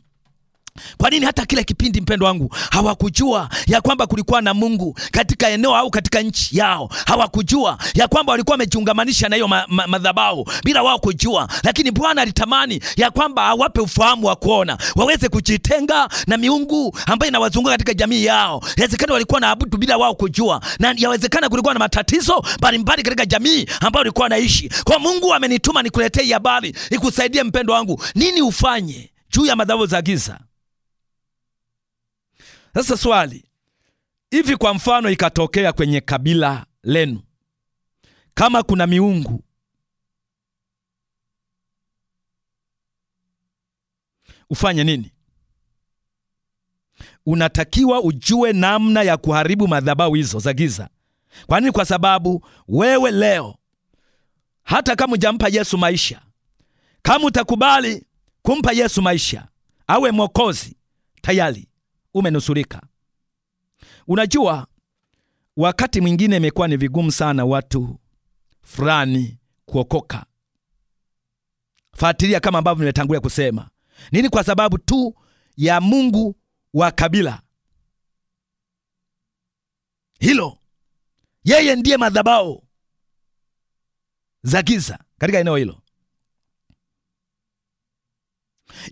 Kwa nini hata kile kipindi, mpendo wangu, hawakujua ya kwamba kulikuwa na Mungu katika eneo au katika nchi yao? Hawakujua ya kwamba walikuwa wamejiungamanisha na hiyo madhabahu ma, ma, bila wao kujua, lakini Bwana alitamani ya kwamba awape ufahamu wa kuona waweze kujitenga na miungu ambayo inawazunguka katika jamii yao. Yawezekana walikuwa na abudu bila wao kujua, na yawezekana kulikuwa na matatizo mbalimbali katika jamii ambayo walikuwa naishi. Kwa Mungu amenituma nikuletee habari ikusaidie, mpendo wangu, nini ufanye juu ya madhabahu za giza. Sasa swali hivi, kwa mfano ikatokea kwenye kabila lenu kama kuna miungu ufanye nini? Unatakiwa ujue namna ya kuharibu madhabahu hizo za giza. Kwa nini? Kwa sababu wewe leo, hata kama hujampa Yesu maisha, kama utakubali kumpa Yesu maisha awe Mwokozi, tayari umenusurika. Unajua, wakati mwingine imekuwa ni vigumu sana watu fulani kuokoka. Fuatilia kama ambavyo nimetangulia kusema nini, kwa sababu tu ya Mungu wa kabila hilo. Yeye ndiye madhabao za giza katika eneo hilo.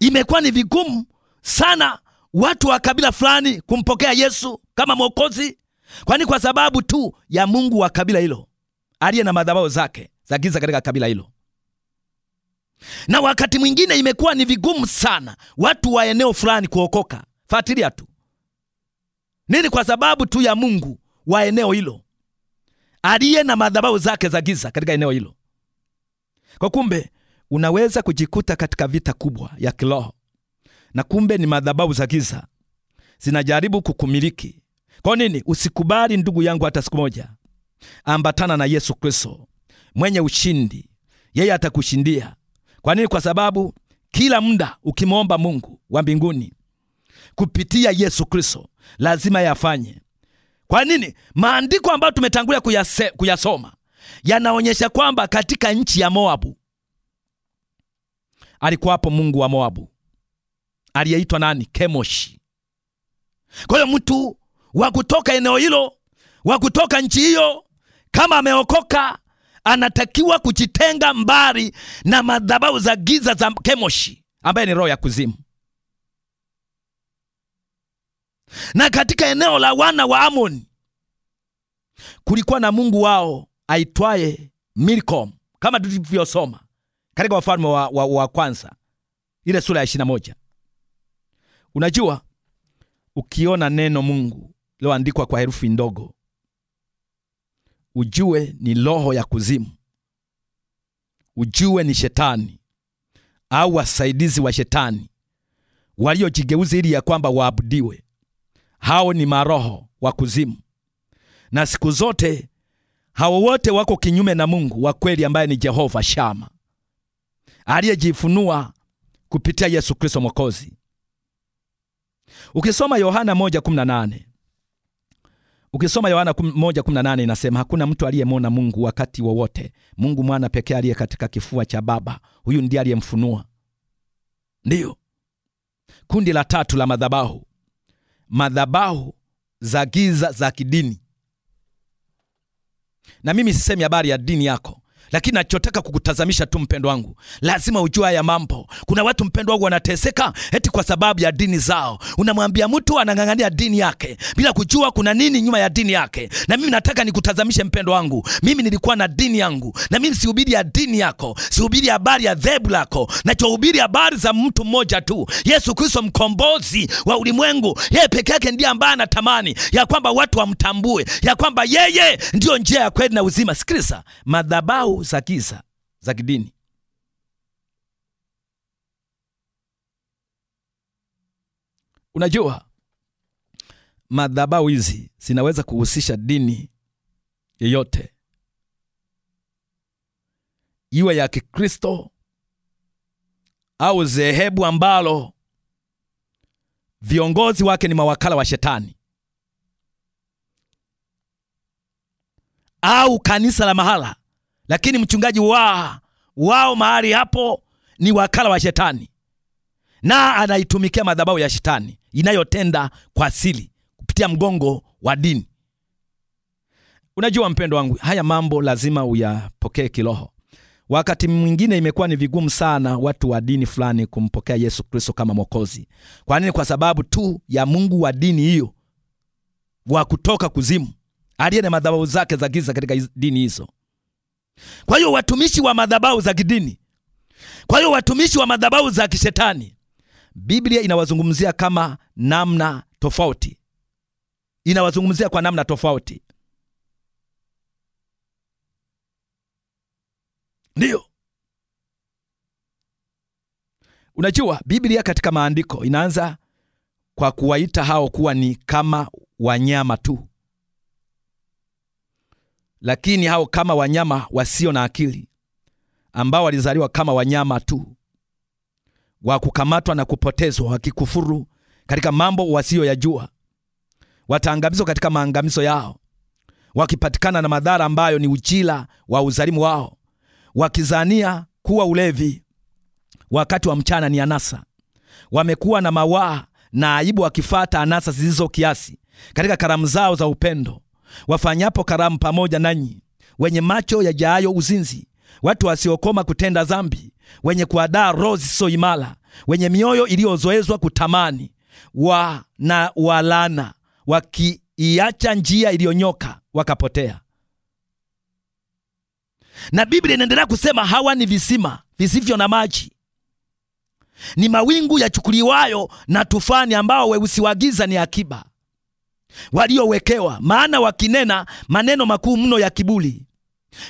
Imekuwa ni vigumu sana watu wa kabila fulani kumpokea Yesu kama Mwokozi, kwani kwa sababu tu ya mungu wa kabila hilo aliye na madhabahu zake za giza katika kabila hilo. Na wakati mwingine imekuwa ni vigumu sana watu wa eneo fulani kuokoka. Fatilia tu nini, kwa sababu tu ya mungu wa eneo hilo aliye na madhabahu zake za giza katika eneo hilo. Kwa kumbe, unaweza kujikuta katika vita kubwa ya kiroho na kumbe ni madhabahu za giza zinajaribu kukumiliki. Kwa nini usikubali, ndugu yangu, hata siku moja? Ambatana na Yesu Kristo mwenye ushindi, yeye atakushindia. Kwa nini? Kwa sababu kila muda ukimwomba Mungu wa mbinguni kupitia Yesu Kristo lazima yafanye. Kwa nini? Maandiko ambayo tumetangulia kuyase, kuyasoma yanaonyesha kwamba katika nchi ya Moabu alikuwapo Mungu wa Moabu aliyeitwa nani? Kemoshi. Kwa hiyo mtu wa kutoka eneo hilo, wa kutoka nchi hiyo, kama ameokoka anatakiwa kujitenga mbali na madhabahu za giza za Kemoshi, ambaye ni roho ya kuzimu. Na katika eneo la wana wa Amoni kulikuwa na mungu wao aitwaye Milkom, kama tulivyosoma katika Wafalme wa, wa, wa kwanza ile sura ya ishirini na moja. Unajua, ukiona neno Mungu liloandikwa kwa herufi ndogo, ujue ni roho ya kuzimu, ujue ni shetani au wasaidizi wa shetani waliojigeuza ili ya kwamba waabudiwe. Hao ni maroho wa kuzimu, na siku zote hao wote wako kinyume na Mungu wa kweli ambaye ni Jehova Shama aliyejifunua kupitia Yesu Kristo Mwokozi. Ukisoma Yohana 1:18 ukisoma Yohana 1:18 inasema hakuna mtu aliyemwona Mungu wakati wowote, Mungu mwana pekee aliye katika kifua cha Baba, huyu ndiye aliyemfunua. Ndiyo kundi la tatu la madhabahu, madhabahu za giza za kidini. Na mimi sisemi habari ya dini yako, lakini nachotaka kukutazamisha tu mpendo wangu, lazima ujue haya mambo. Kuna watu mpendo wangu wanateseka eti kwa sababu ya dini zao. Unamwambia mtu anang'ang'ania dini yake bila kujua kuna nini nyuma ya dini yake. Na mimi nataka nikutazamishe mpendo wangu, mimi nilikuwa na dini yangu, na mimi sihubiri ya dini yako, sihubiri habari ya dhehebu lako, nachohubiri habari za mtu mmoja tu, Yesu Kristo, mkombozi wa ulimwengu. Yeye peke yake ndiye ambaye anatamani ya kwamba watu wamtambue ya kwamba yeye ndiyo njia ya kweli na uzima. Sikiliza, madhabahu za kisa za kidini. Unajua, madhabahu hizi zinaweza kuhusisha dini yeyote, iwe ya Kikristo au dhehebu ambalo viongozi wake ni mawakala wa Shetani au kanisa la mahala lakini mchungaji wa wao mahali hapo ni wakala wa shetani, na anaitumikia madhabahu ya shetani inayotenda kwa asili kupitia mgongo wa dini. Unajua mpendo wangu, haya mambo lazima uyapokee kiroho. Wakati mwingine imekuwa ni vigumu sana watu wa dini fulani kumpokea Yesu Kristo kama Mwokozi. Kwa nini? Kwa sababu tu ya Mungu wa dini hiyo wa kutoka kuzimu aliye na madhabahu zake za giza katika dini hizo. Kwa hiyo watumishi wa madhabahu za kidini, kwa hiyo watumishi wa madhabahu za kishetani, Biblia inawazungumzia kama namna tofauti, inawazungumzia kwa namna tofauti. Ndiyo, unajua Biblia katika maandiko inaanza kwa kuwaita hao kuwa ni kama wanyama tu lakini hao kama wanyama wasio na akili ambao walizaliwa kama wanyama tu wa kukamatwa na kupotezwa, wakikufuru katika mambo wasiyoyajua, wataangamizwa katika maangamizo yao, wakipatikana na madhara ambayo ni ujira wa uzalimu wao, wakizania kuwa ulevi wakati wa mchana ni anasa. Wamekuwa na mawaa na aibu, wakifata anasa zilizo kiasi katika karamu zao za upendo wafanyapo karamu pamoja nanyi, wenye macho yajaayo uzinzi, watu wasiokoma kutenda dhambi, wenye kuadaa roho zisizoimara, wenye mioyo iliyozoezwa kutamani, wa na walana, wakiiacha njia iliyonyoka wakapotea. Na Biblia inaendelea kusema hawa ni visima visivyo na maji, ni mawingu yachukuliwayo na tufani, ambao weusi wa giza ni akiba waliowekewa, maana wakinena maneno makuu mno ya kiburi,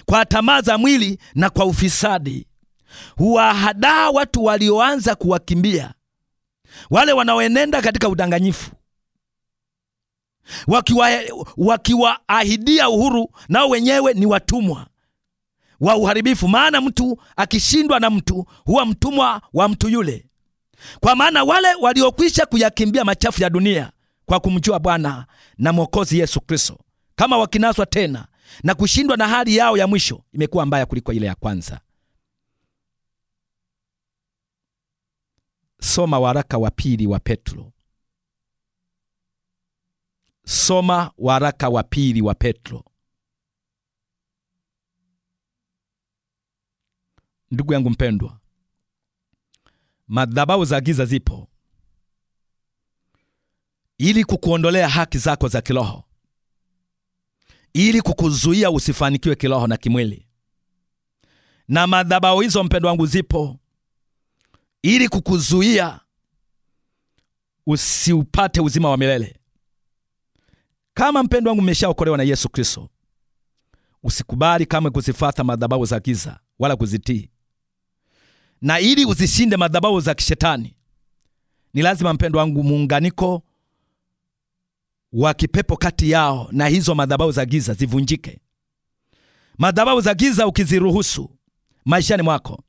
kwa tamaa za mwili na kwa ufisadi, huwahadaa watu walioanza kuwakimbia wale wanaoenenda katika udanganyifu, wakiwaahidia wakiwa uhuru, nao wenyewe ni watumwa wa uharibifu. Maana mtu akishindwa na mtu huwa mtumwa wa mtu yule, kwa maana wale waliokwisha kuyakimbia machafu ya dunia kwa kumjua Bwana na Mwokozi Yesu Kristo, kama wakinaswa tena na kushindwa na hali yao ya mwisho imekuwa mbaya kuliko ile ya kwanza. Soma waraka wa pili wa Petro. Soma waraka wa pili wa Petro. Ndugu yangu mpendwa, madhabahu za giza zipo ili kukuondolea haki zako za kiroho, ili kukuzuia usifanikiwe kiroho na kimwili. Na madhabahu hizo, mpendo wangu, zipo ili kukuzuia usiupate uzima wa milele. Kama mpendo wangu mmeshaokolewa na Yesu Kristo, usikubali kamwe kuzifata madhabahu za giza wala kuzitii. Na ili uzishinde madhabahu za kishetani, ni lazima mpendo wangu muunganiko wa kipepo kati yao na hizo madhabahu za giza zivunjike. Madhabahu za giza ukiziruhusu maishani mwako,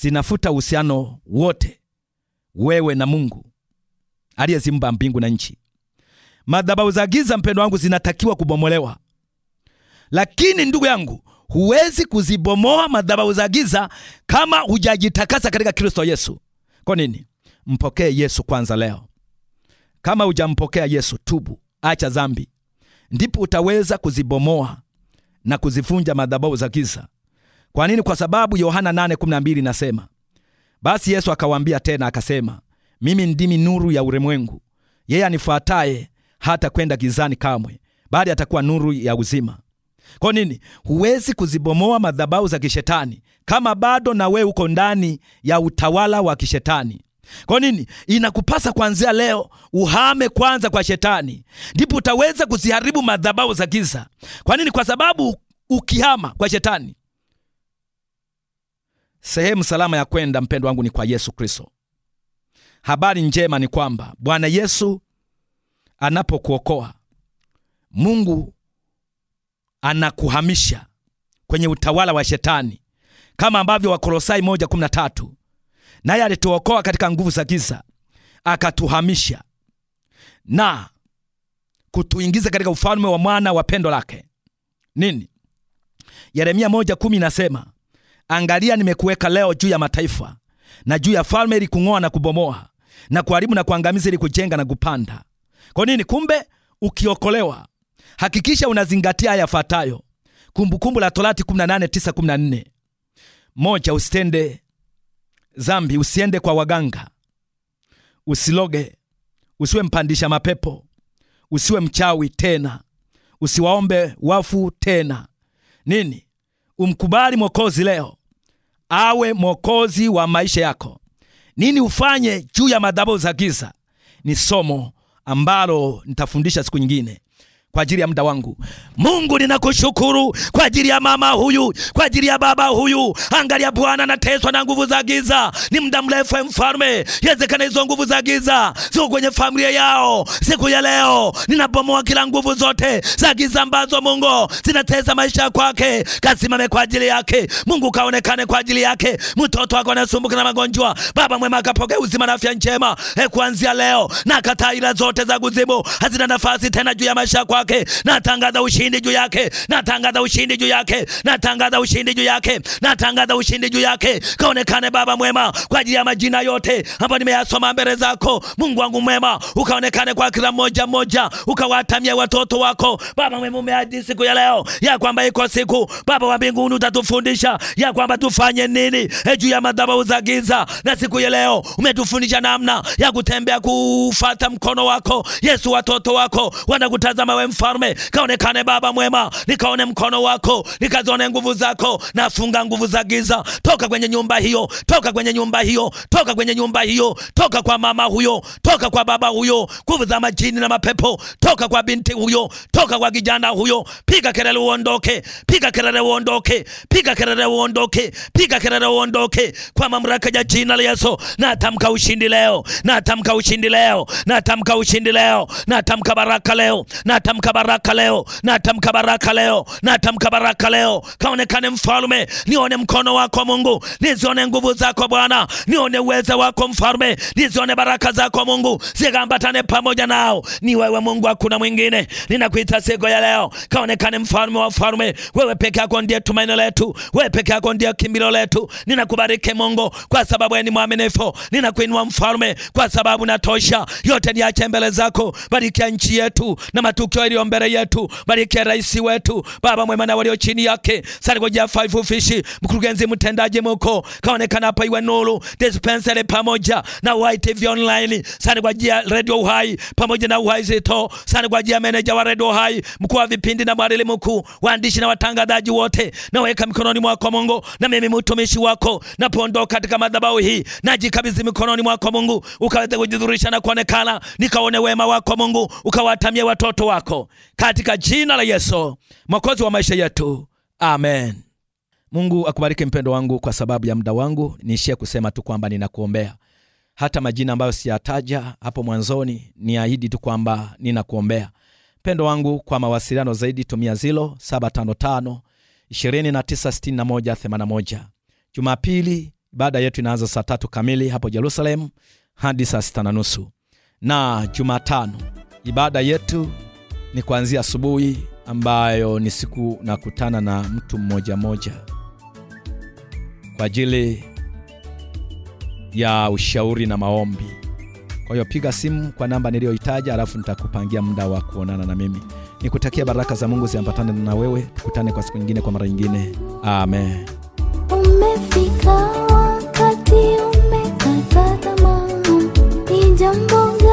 zinafuta uhusiano wote wewe na Mungu aliyezimba mbingu na nchi. Madhabahu za giza, mpendo wangu, zinatakiwa kubomolewa. Lakini ndugu yangu, huwezi kuzibomoa madhabahu za giza kama hujajitakasa katika Kristo Yesu. Kwa nini? Mpokee Yesu kwanza leo. Kama hujampokea Yesu, tubu, acha dhambi, ndipo utaweza kuzibomoa na kuzifunja madhabahu za giza. Kwa nini? Kwa sababu Yohana 8:12 nasema, basi Yesu akawaambia tena akasema, mimi ndimi nuru ya ulimwengu, yeye anifuataye hata kwenda gizani kamwe, bali atakuwa nuru ya uzima. Kwa nini? Huwezi kuzibomoa madhabahu za kishetani kama bado na we uko ndani ya utawala wa kishetani. Kwa nini? Inakupasa kuanzia leo uhame kwanza kwa shetani, ndipo utaweza kuziharibu madhabahu za giza. Kwa nini? Kwa sababu ukihama kwa shetani, sehemu salama ya kwenda, mpendo wangu, ni kwa Yesu Kristo. Habari njema ni kwamba Bwana Yesu anapokuokoa, Mungu anakuhamisha kwenye utawala wa shetani, kama ambavyo Wakolosai 1:13 naye alituokoa katika nguvu za giza, akatuhamisha na kutuingiza katika ufalme wa mwana wa pendo lake. Nini? Yeremia moja kumi inasema, angalia nimekuweka leo juu ya mataifa na juu ya falme, ili kung'oa na kubomoa na kuharibu na kuangamiza, ili kujenga na kupanda. Kwa nini? Kumbe ukiokolewa, hakikisha unazingatia haya yafuatayo. Kumbukumbu la Torati 18:9 14. Moja, usitende zambi usiende kwa waganga, usiloge, usiwe mpandisha mapepo, usiwe mchawi tena, usiwaombe wafu tena. Nini? Umkubali Mwokozi leo awe mwokozi wa maisha yako. Nini ufanye juu ya madhabahu za giza, ni somo ambalo nitafundisha siku nyingine kwa ajili ya muda wangu. Mungu ninakushukuru kwa ajili ya mama huyu, kwa ajili ya baba huyu. Angalia Bwana, anateswa na nguvu za giza ni muda mrefu. E mfalme, yawezekana hizo nguvu za giza sio kwenye familia yao. Siku ya leo ninabomoa kila nguvu zote za giza ambazo Mungu zinateza maisha kwake, kasimame kwa ajili yake. Mungu kaonekane kwa ajili yake. Mtoto wako anasumbuka na magonjwa, baba mwema akapokea uzima na afya njema. E, kuanzia leo nakataa ila zote za kuzimu, hazina nafasi tena juu ya maisha kwake wake, natangaza ushindi juu yake, natangaza ushindi juu yake, natangaza ushindi juu yake, natangaza ushindi juu yake. Kaonekane Baba mwema, kwa ajili ya majina yote ambayo nimeyasoma mbele zako. Mungu wangu mwema, ukaonekane kwa kila mmoja mmoja, ukawatamia watoto wako Baba mwema. Umeahidi siku ya leo ya kwamba iko siku Baba wa mbinguni utatufundisha ya kwamba tufanye nini e juu ya madhabahu za giza, na siku ya leo umetufundisha namna ya kutembea, kufata mkono wako Yesu. Watoto wako wanakutazama wewe ewe mfalme, kaonekane Baba mwema, nikaone mkono wako, nikazione nguvu zako. Nafunga nguvu za giza, toka kwenye nyumba hiyo, toka kwenye nyumba hiyo, toka kwenye nyumba hiyo, toka kwa mama huyo, toka kwa baba huyo, nguvu za majini na mapepo, toka kwa binti huyo, toka kwa kijana huyo. Piga kelele uondoke, piga kelele uondoke, piga kelele uondoke, piga kelele uondoke, kwa mamlaka ya jina la Yesu. Natamka ushindi leo, natamka ushindi leo, natamka ushindi leo, natamka baraka leo, natamka natamka baraka leo, natamka baraka leo, natamka baraka leo. Kaonekane mfalme, nione mkono wako Mungu, nizione nguvu zako Bwana, nione uweza wako mfalme, nizione baraka zako Mungu, zikambatane pamoja nao. Ni wewe Mungu, hakuna mwingine. Ninakuita siku ya leo, kaonekane mfalme wa falme, wewe peke yako ndiye tumaini letu, wewe peke yako ndiye kimbilio letu. Ninakubariki Mungu kwa sababu wewe ni mwaminifu, ninakuinua mfalme kwa sababu natosha. Yote niache mbele zako, barikia nchi yetu na matukio iliyo mbele yetu. Barikia rais wetu, baba mwema na walio chini yake. Sargoja Five Fish, mkurugenzi mtendaji mko kaonekana hapa, iwe nuru dispensary pamoja na White TV online. Sargoja Radio Uhai pamoja na Uhai Zito. Sargoja manager wa Radio Uhai, mkuu wa vipindi na mwalimu mkuu, waandishi na watangazaji wote, naweka mikononi mwako Mungu, na mimi mtumishi wako napoondoka katika madhabahu hii, najikabidhi mikononi mwako Mungu, ukaweze kujidhurisha na kuonekana, nikaone wema wako Mungu, ukawatamie watoto wako yako katika jina la Yesu mwokozi wa maisha yetu, amen. Mungu akubariki mpendo wangu. Kwa sababu ya muda wangu, niishie kusema tu kwamba ninakuombea hata majina ambayo siyataja hapo mwanzoni, niahidi tu kwamba ninakuombea mpendo wangu. Kwa mawasiliano zaidi tumia zilo 755 296181. Jumapili ibada yetu inaanza saa tatu kamili hapo Jerusalem hadi saa sita na nusu na Jumatano ibada yetu ni kuanzia asubuhi ambayo ni siku nakutana na mtu mmoja mmoja kwa ajili ya ushauri na maombi. Kwa hiyo piga simu kwa namba niliyohitaja alafu nitakupangia muda wa kuonana na mimi. Nikutakia baraka za Mungu ziambatane na wewe. Tukutane kwa siku nyingine, kwa mara nyingine. Amen. Umefika wakati ni jambo